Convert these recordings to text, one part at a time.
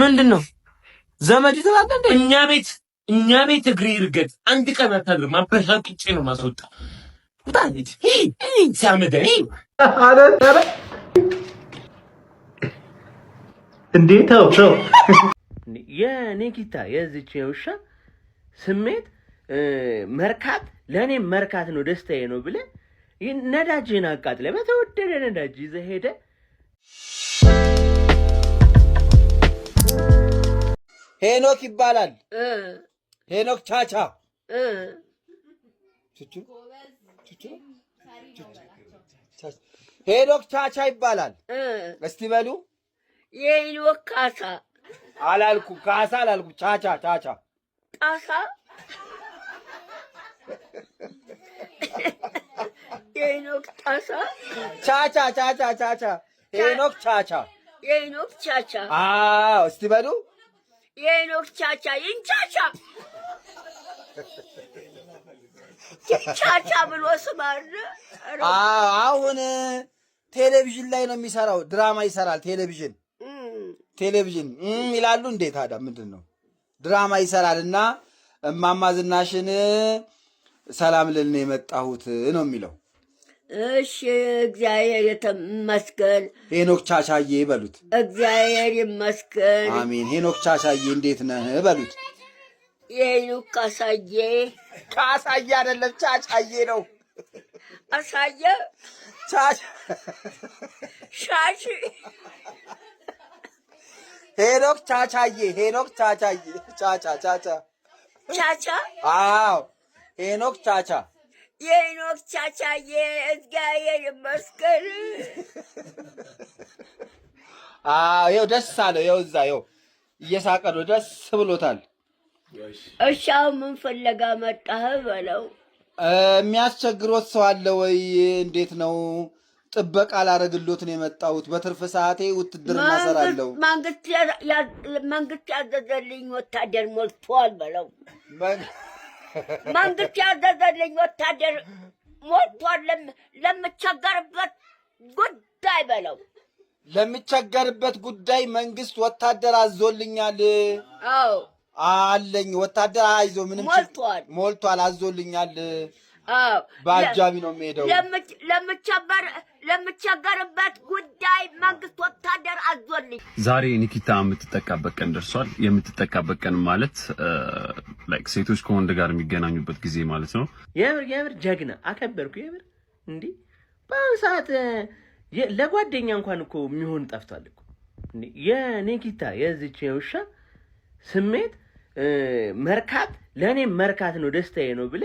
ምንድን ነው ዘመድ ትላለ እንዴ? እኛ ቤት እኛ ቤት እግሬ ይርገጥ። አንድ ቀን አታድርም። አበሻቅጬ ነው ማስወጣ ውጣለች ሲያመደ እንዴ ተው ተው። የእኔ የዚች የውሻ ስሜት መርካት ለእኔ መርካት ነው ደስታዬ ነው ብለህ ነዳጅህን አቃጥለህ በተወደደ ነዳጅ ይዘህ ሄደህ ሄኖክ ይባላል። ሄኖክ ቻቻ ሄኖክ ቻቻ ይባላል። እስቲ በሉ የሄኖክ ካሳ አላልኩ፣ ካሳ አላልኩ፣ ቻቻ ቻቻ ጣሳ የሄኖክ ጣሳ ቻቻ ቻቻ ቻቻ ሄኖክ ቻቻ የሄኖክ ቻቻ። አዎ እስቲ በሉ የኖክ ቻቻ ይንቻቻ ቻቻ ብሎ ስማር አሁን ቴሌቪዥን ላይ ነው የሚሰራው። ድራማ ይሰራል። ቴሌቪዥን ቴሌቪዥን ይላሉ እንዴ ታዲያ ምንድን ነው? ድራማ ይሰራል እና እማማ ዝናሽን ሰላም ልል ነው የመጣሁት ነው የሚለው እሺ እግዚአብሔር ይመስገን። ሄኖክ ቻቻዬ በሉት። እግዚአብሔር ይመስገን። አሜን። ሄኖክ ቻቻዬ እንዴት ነህ በሉት። የሄኖክ ካሳዬ ካሳዬ አይደለም ቻቻዬ ነው። አሳየ ሻሽ ሄኖክ ቻቻዬ ሄኖክ ቻቻዬ ቻቻ ቻቻ ቻቻ አዎ ሄኖክ ቻቻ የኖክ ቻቻዬ እግዚአብሔር ይመስገን። ይኸው ደስ አለው። ይኸው እዛ ይኸው እየሳቀ ነው፣ ደስ ብሎታል። እሻው አሁን ምን ፍለጋ መጣህ በለው። የሚያስቸግሮት ሰው አለ ወይ? እንዴት ነው? ጥበቃ ላደርግሎት ነው የመጣሁት። በትርፍ ሰዓቴ ውትድርና እሰራለሁ። መንግስት ያዘዘልኝ ወታደር ሞልቷል በለው መንግስት ያዘዘልኝ ወታደር ሞቷል። ለምቸገርበት ጉዳይ በለው ለምቸገርበት ጉዳይ መንግስት ወታደር አዞልኛል። አለኝ ወታደር አይዞ ምንም ሞልቷል፣ ሞልቷል አዞልኛል። በአጃቢ ነው የሚሄደው። ለምቸገርበት ጉዳይ መንግስት ወታደር አዞልኝ። ዛሬ ኒኪታ የምትጠቃበት ቀን ደርሷል። የምትጠቃበት ቀን ማለት ላይክ ሴቶች ከወንድ ጋር የሚገናኙበት ጊዜ ማለት ነው። የምር የምር ጀግና አከበርኩ። የምር እንዲህ በአሁኑ ሰዓት ለጓደኛ እንኳን እኮ የሚሆን ጠፍቷል እኮ የኔጊታ የዚች የውሻ ስሜት መርካት ለእኔ መርካት ነው ደስታዬ ነው ብለ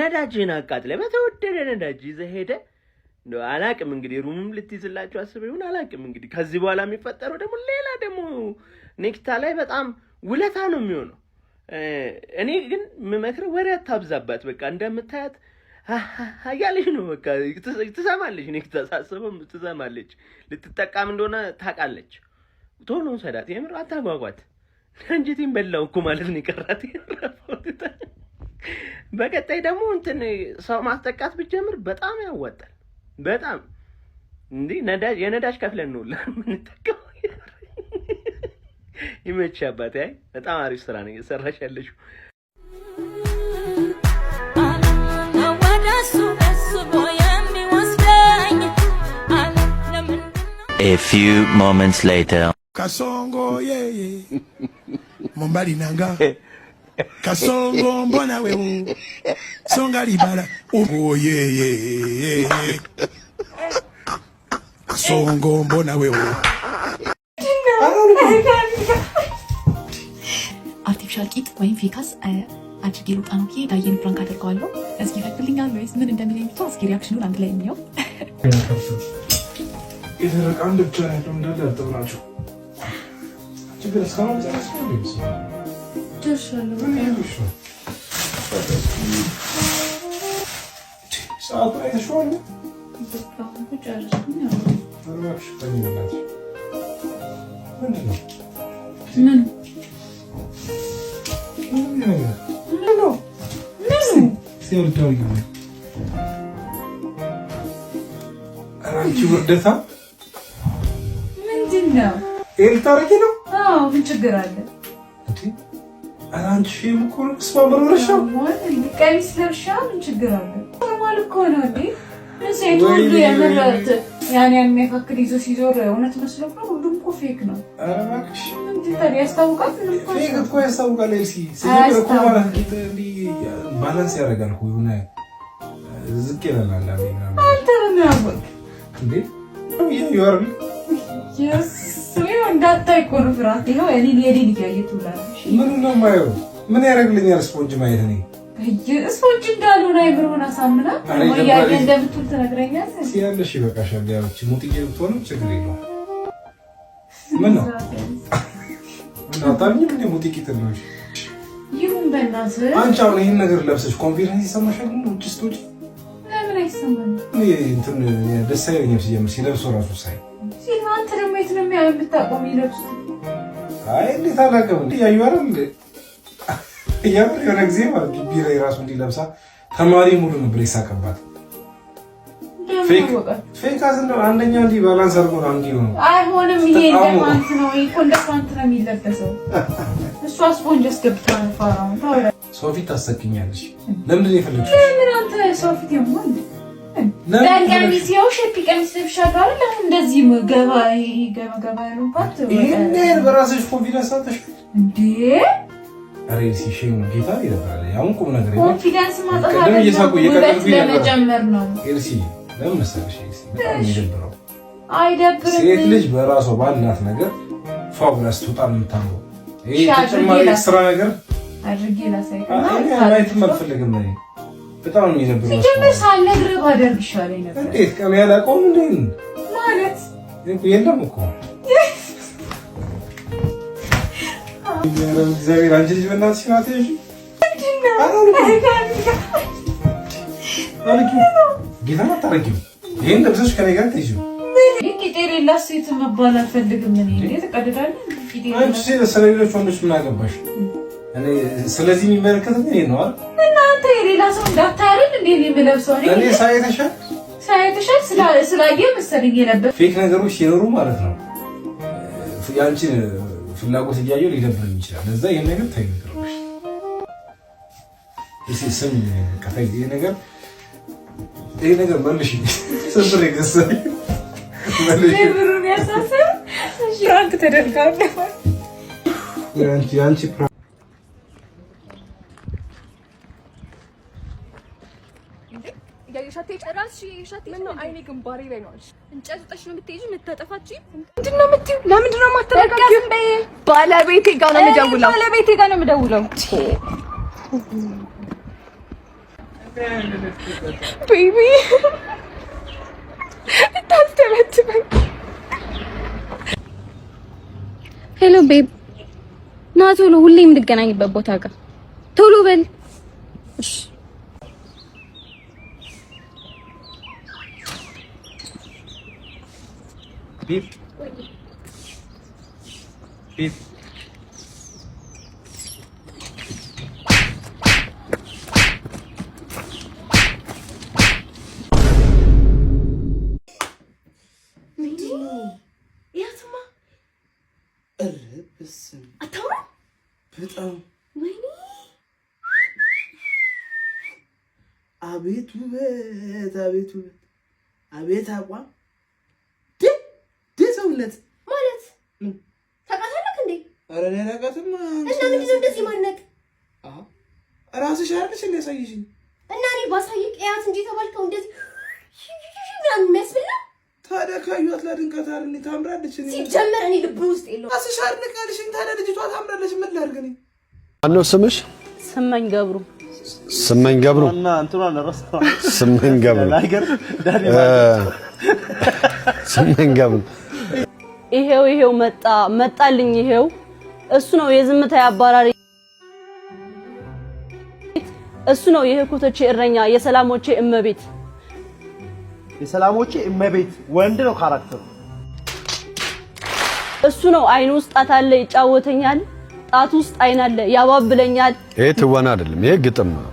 ነዳጅህን አቃጥለ በተወደደ ነዳጅ ይዘ ሄደ። አላቅም እንግዲህ ሩምም ልትይዝላቸው አስበ ይሁን አላቅም። እንግዲህ ከዚህ በኋላ የሚፈጠረው ደግሞ ሌላ ደግሞ ኔጊታ ላይ በጣም ውለታ ነው የሚሆነው። እኔ ግን የምመክረው ወሬ አታብዛባት። በቃ እንደምታያት እያለች ነው በቃ ትሰማለች፣ እኔ ተሳስበም ትሰማለች። ልትጠቃም እንደሆነ ታውቃለች። ቶሎ ሰዳት፣ የምር አታጓጓት። አንጀቴን በላው እኮ ማለት ነው የቀራት በቀጣይ ደግሞ እንትን ሰው ማስጠቃት ብጀምር በጣም ያዋጣል። በጣም እንዲህ የነዳጅ ከፍለን ነው ላ ይመች አባቴ። አይ በጣም አሪፍ ስራ ነው እየሰራሽ ያለሽው። A few moments later. Kasongoye mombali nanga kasongo mbona wewu songa libala Ubo oboyeye kasongo mbona wewu ሻል ቂጥ ወይም ፊካስ አድርጌ ልውጣ ነው ብዬ ዳዬን ፕራንክ አደርገዋለሁ። እስኪ ይፈቅድልኛል ወይስ ምን እንደሚለኝ ብቻ እስኪ ሪያክሽኑን አንድ ላይ እንየው። የተረቀ አንድ ብቻ ያለው እንዳለ ያጠብናቸው ችግር እስካሁን ሰዓት ላይ ተሸዋለ ምንድን ነው? ምን ችግር አለ? አንቺ ምኮርክስ ማመረሻ ቀሚስ ለብሻ ምን ችግር አለ? ኖርማል እኮ ነው እንዴ? ሴት ሁሉ የምረት ያን የሚያካክል ይዞ ሲዞር እውነት መስሎት ሁሉም እኮ ፌክ ነው። ኧረ እባክሽ ያስታውቃል እኮ ያስታውቃል። ባላንስ ያደርጋል የሆነ ዝቅ ይላል። እንዳታይ እኮ ነው ፍርሃት። ይኸው ምን ነው የማየው? ምን ያደርግልኛል ስፖንጅ ማየት እኔ ስፖንጅ እንዳልሆነ አይምሮን አሳምና እያየ እንደምትውል ትነግረኛለህ። ያለሽ ይበቃሻል። ያው ሙጥዬ ብትሆንም ችግር የለውም። ምን ነው አታምኝም እንደ ሙጢ ቂጥ ነው። ይሁን በእናትህ አንቺ አሁን ይህን ነገር ለብሰሽ ኮንፊደንስ ይሰማሻል? ግን ውጭ ስትወጪ ለምን አይሰማም? እንትን ደስ አይለኝም ሲጀምር ሲለብሶ እራሱ ሳይ አንተ ደግሞ የት ነው የሚያ የምታቆም ይለብሱ አይ እንዴት አላውቅም እንዴ ያዩ አይደል እንዴ የምር የሆነ ጊዜ ማለት ቢራ ራሱ እንዲለብሳ ተማሪ ሙሉ ነው ብሬሳ ሳቀባት ፌካስ ነው። አንደኛ እንዲህ ባላንስ አድርጎ ነው አንዲ ነው። አይሆንም። ይሄ እንደ ፓንት ነው። ይሄ እኮ እንደ ፓንት ነው የሚለበሰው። እሷ ስፖንጅ አስገብታ ፋራውን። ሰው ፊት ታሰክኛለሽ። ለምንድን ነው የፈለግሽው? ለምን አንተ ሰው ፊት ቀሚስ ያው ሸፒ ቀሚስ ለብሻለሁ አይደል? እንደዚህ ገባ ገባ ገባ ያለው ፓንት ይሄን በራስሽ ኮንፊደንስ አጥተሽ እንዴ ጌታ ይደብራል። አሁን ቁም ነገር ኮንፊደንስ ማጣት ነው ለምን መሰለሽ የሚደብረው አይደብርም። ሴት ልጅ በራሷ ባላት ነገር ፋው ብላ የምታምረው ይሄ ተጨማሪ ኤክስትራ ነገር አድርጌ አልፈልግም በጣም የሚደብረው። ሲጀምር ሳልነግርህ ባደርግ ይሻለኝ ነበር። እንዴት ቀን ያላቆም እንዴ ማለት የለም እኮ እግዚአብሔር አንቺ ልጅ በእናትሽ ናት። ጌታ አታረጊም። ይሄን ለብሰሽ ከኔ ጋር ተይጂ። ቂጤር የላት ሴት መባል አልፈልግም። ስለዚህ የሚመለከት ነው እናንተ የሌላ ሰው እንዳታረግ እንዴ የሚለብሰው እኔ ሳይተሻል ሳይተሻል ስላየ መሰለኝ የነበር ፌክ ነገሮች ሲኖሩ ማለት ነው የአንቺን ፍላጎት እያየሁ ሊደብረኝ ይችላል። ለዛ ይሄን ነገር ተይ ነገር ይሄ ነገር መልሽ ስንብር ግንባሬ ላይ ባለቤቴ ጋር ነው የምደውለው። ባለቤቴ ጋር ነው የምደውለው። ቤቢ ታስተበትበኝ። ሄሎ ቤብ፣ ና ቶሎ፣ ሁሌ የምንገናኝበት ቦታ ጋር ቶሎ በል። ቤብ ቤብ አቤት ውበት፣ አቤት ውበት፣ አቤት አቋም ሰውነት ማለት ታውቃታለህ እንዴ? ኧረ እኔ አላውቃትም። እና ምን ይዞ እንደዚህ ማነቅ? ራስሽ አይደለሽ እንደ ያሳይሽኝ እና እኔ ባሳይቅ እያት እንጂ የተባልከው እንደዚህ ምናምን የሚያስብል ታዲያ ካዩት ላድንቃት አይደል? ታምራለች። ሲጀመር እኔ ልብ ውስጥ የለውም። ራስሽ አድንቃልሽኝ። ታዲያ ልጅቷ ታምራለች። ምን ላድርግ ማነው ስምሽ? ስመኝ ገብሩ ስመኝ ገብሩ ስመኝ ገብሩ ስመኝ ገብሩ ይሄው ይሄው መጣ መጣልኝ። ይሄው እሱ ነው የዝምታ አባራሪ እሱ ነው የህኩቶቼ እረኛ የሰላሞቼ እመቤት የሰላሞቼ እመቤት ወንድ ነው ካራክተሩ። እሱ ነው አይን ውስጥ ጣት አለ ይጫወተኛል፣ ጣት ውስጥ አይን አለ ያባብለኛል። ይሄ ትወና አይደለም፣ ይሄ ግጥም ነው።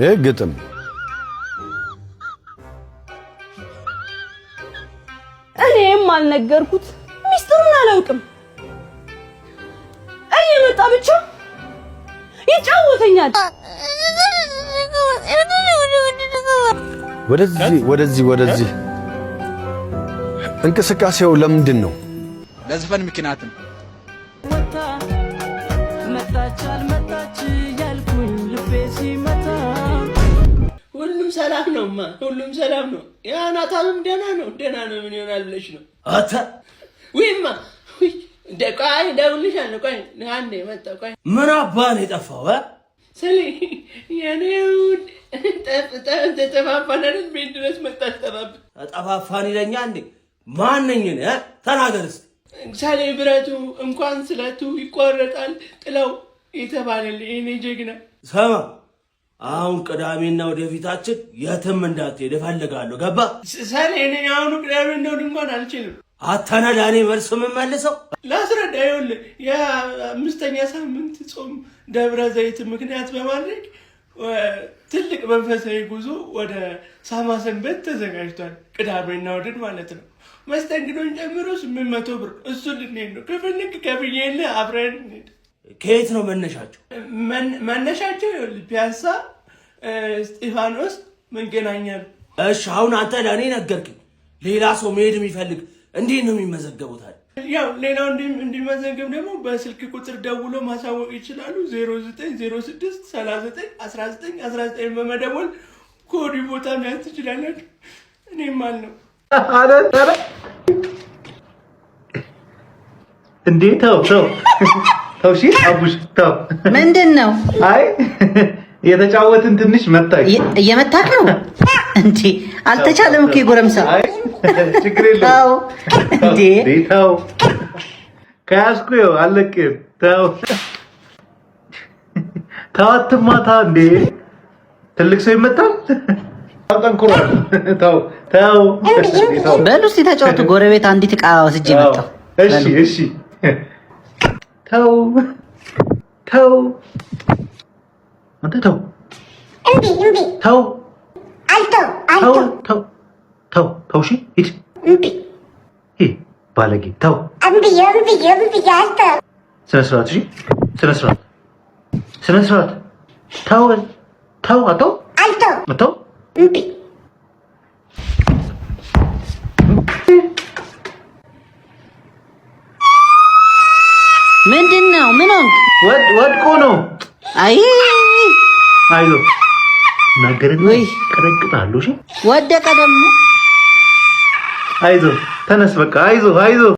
ይህ ግጥም እኔም አልነገርኩት ሚስጥሩን አላውቅም። እየመጣ ብቻ ይጫወተኛል። ወደዚህ ወደዚህ ወደዚህ እንቅስቃሴው ለምንድን ነው? ለዝፈን ምክንያትም መጣች ሁሉም ሰላም ነው ማ ሁሉም ሰላም ነው። ናታብም ደህና ነው ደህና ነው። ምን ይሆናል ብለሽ ነው አታ ወይማ ደቃይ ደውልሽ አለ። ቆይ አንዴ መጣሁ። ቆይ ምን አባን ነው የጠፋው? ስሊ የኔውን ተጠፋፋን አይደል? ቤት ድረስ መጣ ተጠፋፍ ተጠፋፋን ይለኛ እንዴ ማነኝን ተናገር እስኪ። ሳሌ ብረቱ እንኳን ስለቱ ይቆረጣል ጥለው የተባለል የኔ ጀግና ሰማ አሁን ቅዳሜና ወደፊታችን የትም እንዳትሄድ እፈልጋለሁ። ገባ ሰኔ እኔ አሁኑ ቅዳሜ እንደው ድንኳን አልችልም። አተናዳኔ መልስ የምመልሰው ለአስረዳ ይሆን የአምስተኛ ሳምንት ጾም ደብረ ዘይት ምክንያት በማድረግ ትልቅ መንፈሳዊ ጉዞ ወደ ሳማ ሰንበት ተዘጋጅቷል። ቅዳሜና ወድን ማለት ነው። መስተንግዶን ጨምሮ ስምንት መቶ ብር እሱ ልንሄድ ነው። ከፈለግ ከፍዬልህ አብረን እንሂድ ከየት ነው መነሻቸው? መነሻቸው ፒያሳ እስጢፋኖስ መገናኛ ነው። እሺ አሁን አንተ ለእኔ ነገርክ። ሌላ ሰው መሄድ የሚፈልግ እንዴት ነው የሚመዘገቡታል? ያው ሌላው እንዲመዘገብ ደግሞ በስልክ ቁጥር ደውሎ ማሳወቅ ይችላሉ። 0906 በመደወል ኮዲ ቦታ መያዝ ትችላለን። እኔም አለው እንዴ ተው ተው ተው እሺ፣ አቡሽ ተው። ምንድን ነው? አይ የተጫወትን ትንሽ መታክ እየመታክ ነው እንዴ? አልተቻለም እኮ ጎረምሳ። አይ ችግር የለም። አዎ እንዴ ተው፣ ከያዝኩ ይኸው አለቅም። ተው ተው፣ ማታ እንዴ። ትልቅ ሰው ይመታል። አጠንክሯል። ተው ተው፣ በሉ እስኪ ተጫወቱ። ጎረቤት አንዲት ዕቃ ወስጄ መጣሁ። እሺ እሺ ተው ተው አንተ ተው እንዴ እንዴ ተው አልተው አልተው ተው ተው ተው እሺ ሂድ እንዴ ሂ ባለጌ ተው እንዴ እንዴ እንዴ አልተው ስነ ስርዓት እሺ ስነ ስርዓት ስነ ስርዓት ተው ተው አልተው አልተው አልተው እንዴ ምንድን ነው? ምን ሆንክ? ወድቆ ነው። አይ አይዞ ናገረኝ። ወይ እሺ ወደቀ ደግሞ። አይዞ ተነስ፣ በቃ አይዞ፣ አይዞ